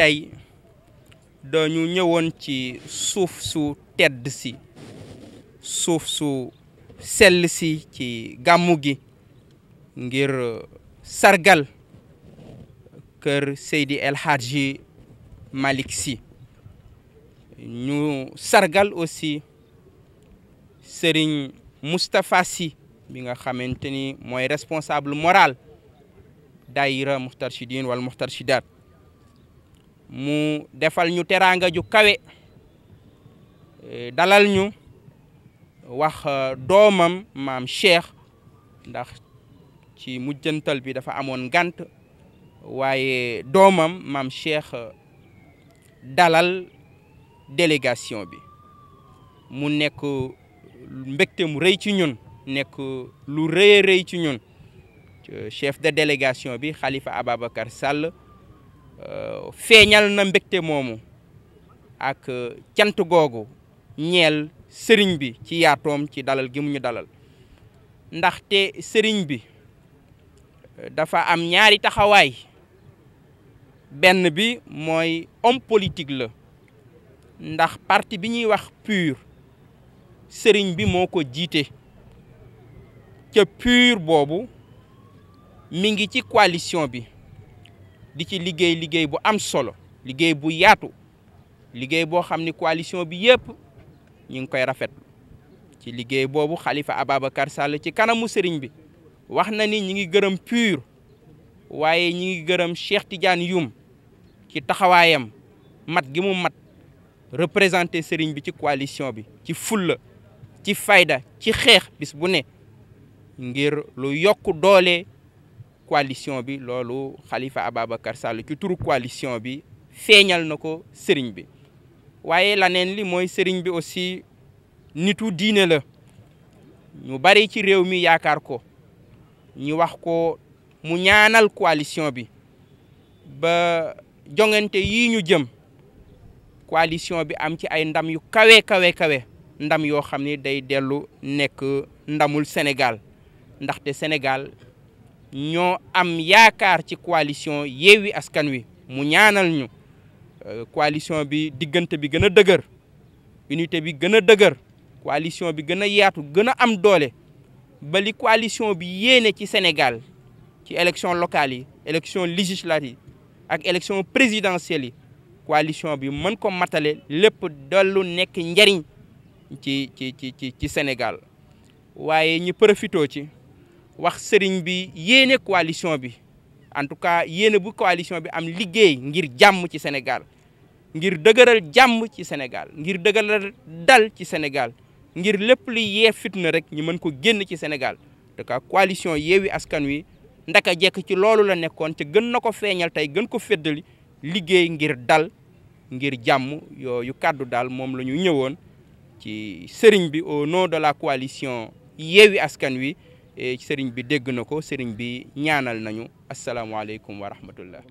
tey dañu ñëwoon ci suuf su tedd si suuf su sell si ci gàmmu gi ngir euh, sargal kër Seydi El Hadji malik si ñu sargal aussi Serigne Moustapha Sy bi nga xamante ni mooy responsable moral daayira muhtarchidin wal muhtarchidat mu defal ñu teraanga ju kawe e, dalal ñu wax e, doomam maam Cheikh ndax ci mujjantal bi dafa amoon ngant waaye doomam maam Cheikh e, dalal délégation bi mu nekk mbégte mu rëy ci ñun nekk lu rëy rëy ci ñun chef de délégation bi xalifa Ababacar Sall feeñal na mbégte moomu ak euh, cant googu ñeel sëriñ bi ci yaatoom ci dalal gi mu ñu dalal ndaxte sëriñ bi euh, dafa am ñaari taxawaay benn bi mooy homme politique la ndax parti bi ñuy wax PUR sëriñ bi moo ko jiite ca PUR boobu mi ngi ci coalition bi di ci liggéey liggéey bu am solo liggéey bu yaatu liggéey boo xam ni coalition bi yëpp ñu ngi koy rafet ci liggéey boobu Khalifa Ababacar Sall ci kanamu sëriñ bi wax na ni ñi ngi gërëm PUR waaye ñi ngi gërëm Cheikh Tidiane Youm ci taxawaayam mat gi mu mat représenté sëriñ bi ci coalition bi ci fulla ci fayda ci xeex bis bu ne ngir lu yokk doole coalition bi loolu Khalifa Ababacar Sall ci turu coalition bi feeñal na ko sëriñ bi waaye laneen li mooy sëriñ bi aussi nitu diine la ñu bari ci réew mi yaakaar ko ñu wax ko mu ñaanal coalition bi ba jongante yii ñu jëm coalition bi am ci ay ndam yu kawe kawe kawe ndam yoo xam ni day dellu nekk ndamul Sénégal ndaxte Sénégal ñoo am yaakaar ci coalition Yewwi Askan Wi mu ñaanal ñu euh, coalition bi diggante bi gën a dëgër unité bi gën a dëgër coalition bi gën a yaatu gën a am doole ba li coalition bi yéene ci senegal ci élection locale yi élection législative ak élection présidentielle yi coalition bi mën ko matale lépp dollu nekk njariñ ci ci ci ci Sénégal waaye ñu profitoo ci wax sëriñ bi yéene coalition bi en tout cas yéene bu coalition bi am liggéey ngir jàmm ci senegal ngir dëgëral jàmm ci Sénégal ngir dëgëral dal ci Sénégal ngir lépp li yee fitna rek ñi mën ko génn ci Sénégal en tout cas coalition Yewwi Askan Wi ndaka jekk ci loolu la nekkoon te gën na ko feeñal tey gën ko féddali liggéey ngir dal ngir jàmm yooyu kàddu daal moom la ñu ñëwoon ci sëriñ bi au nom de la coalition Yewwi Askan Wi Eh, sëriñ bi dégg na ko sëriñ bi ñaanal nañu asalaamaaleykum wa rahmatullah